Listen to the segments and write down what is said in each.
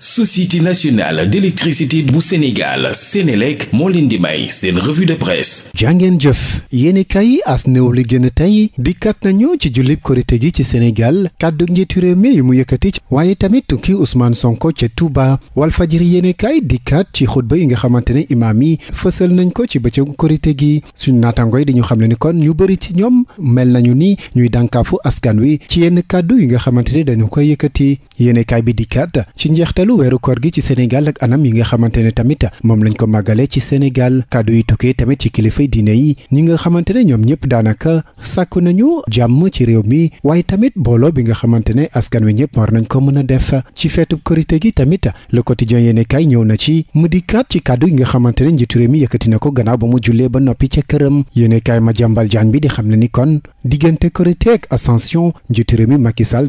société nationale d'électricité bu Sénégal Sénélec moo leen di may seen revue de presse jàngeen jëf yéeni kay as néew li gën tey dikkat nañu ci jullib korite gi ci Sénégal kàddu njiitu réew mi yu mu yëkkati waaye tamit tukki Ousmane Sonko ca Touba Walfajiri yéeni kay dikkat ci xutba yi nga xamante ne imaam yi fësal nañ ko ci bëccëgu korite gi suñ naatangoy di ñu xam ne ni kon ñu bëri ci ñoom mel nañu ni ñuy dànkaafu askan wi ci yenn kàddu yi nga xamante ne dañu koy yëkkati yéeni kay bi dikkat ci njeextal màggalu weeru koor gi ci Sénégal ak anam yi nga xamante ne a moom lañ ko màggale ci Sénégal kàddu yi tukkee tamit ci kilifay diine yi ñi nga xamante ne ñoom ñëpp daanaka sàkku nañu jàmm ci réew mi waaye tamit booloo bi nga xamante ne askan wi ñëpp war nañ ko mën a def ci feetub korité gi tamit le quotidien yéene kay ñëw na ci mu di kaat ci kàddu yi nga xamante ne njiitu réew mi yëkkati na ko gannaaw ba mu jullee ba noppi ca këram yéene kay ma jàmbal jaan bi di xam ne ni kon diggante korité ak ascension njiitu réew mi Macky Sall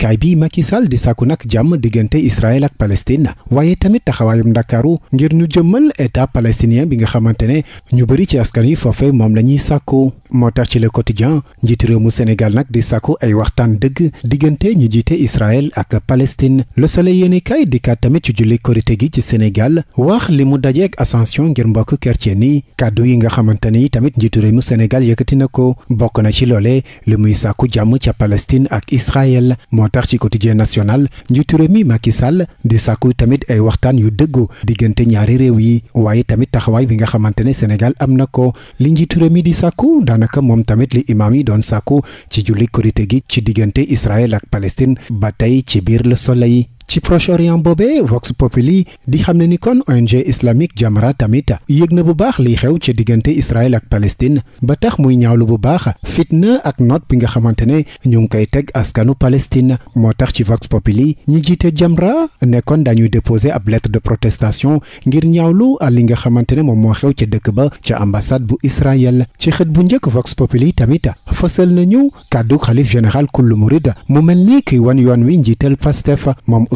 yéenekaay bi Macky Sall di sàkku nag jàmm diggante Israël ak Palestine waaye tamit taxawaayum Ndakaaru ngir ñu jëmmal état palestinien bi nga xamante ne ñu bëri ci askan yi foofe moom lañuy ñuy sàkku moo tax ci le quotidien njiitu réew mu Sénégal nag di sàkku ay waxtaan dëgg diggante ñi jiite Israël ak Palestine Le Soleil yéenekaay dikkaat tamit ci julli korite gi ci Sénégal wax li mu dajeek ascension ngir mbokk chrétien ni kàddu yi nga xamante ni tamit njiitu réew Sénégal yëkkati na ko bokk na ci loole li muy sàkku jàmm ca Palestine ak Israël tar ci quotidien national njiitu réew mi Macky Sall di sàkku tamit ay waxtaan yu dëggoo diggante ñaari réew yi waaye tamit taxawaay bi nga xamante ne Sénégal am na ko li njiitu réew mi di sàkku daanaka moom tamit li imaam yi doon sàkku ci julli korite gi ci diggante Israël ak Palestine ba tey ci biir la Le yi ci proche orient boobee Vox Populi di xam ne ni kon ONG islamique Jamra tamit yëg na bu baax liy xew ci diggante Israël ak Palestine ba tax muy ñaawlu bu baax fitna ak noot bi nga xamante ne ñu ngi koy teg askanu Palestine moo tax ci Vox Populi ñi jiite Jamra nekkoon dañuy déposer ab lettre de protestation ngir ñaawlu li nga xamante ne moom moo xew ca dëkk ba ca ambassade bu Israël ci xet bu njëkk Vox Populi tamit fësal nañu kàddu xalif général kullu mu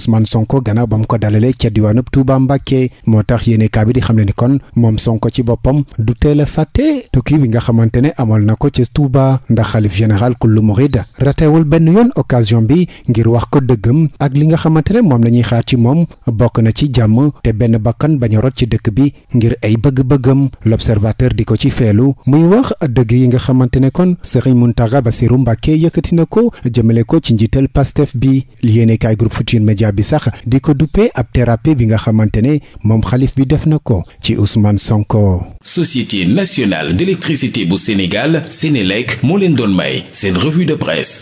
Ousmane Sonko gannaaw ba mu ko dalalee ca diwaanub Touba Mbàkke moo tax yéene kaa bi di xam ne ni kon moom Sonko ci boppam du teel a fàtte tukki bi nga xamante ne amal na ko ca Touba ndax xalif général kullu murid ratewul benn yoon occasion bi ngir wax ko dëggam ak li nga xamante ne moom la ñuy xaar ci moom bokk na ci jàmm te benn bakkan bañ rot ci dëkk bi ngir ay bëgg-bëggam l'observateur di ko ci feelu muy wax dëgg yi nga xamante ne kon Serigne Mountakha Bassirou Mbacké yëkkati na ko jëmale ko ci njiital Pastef bi yéene kaay groupe Futurs bi sax di ko duppee ab thérapie bi nga xamante ne moom xalif bi def na ko ci Ousmane Sonko. Société nationale d'électricité bu Sénégal Sénélec moo leen doon may seen revue de presse.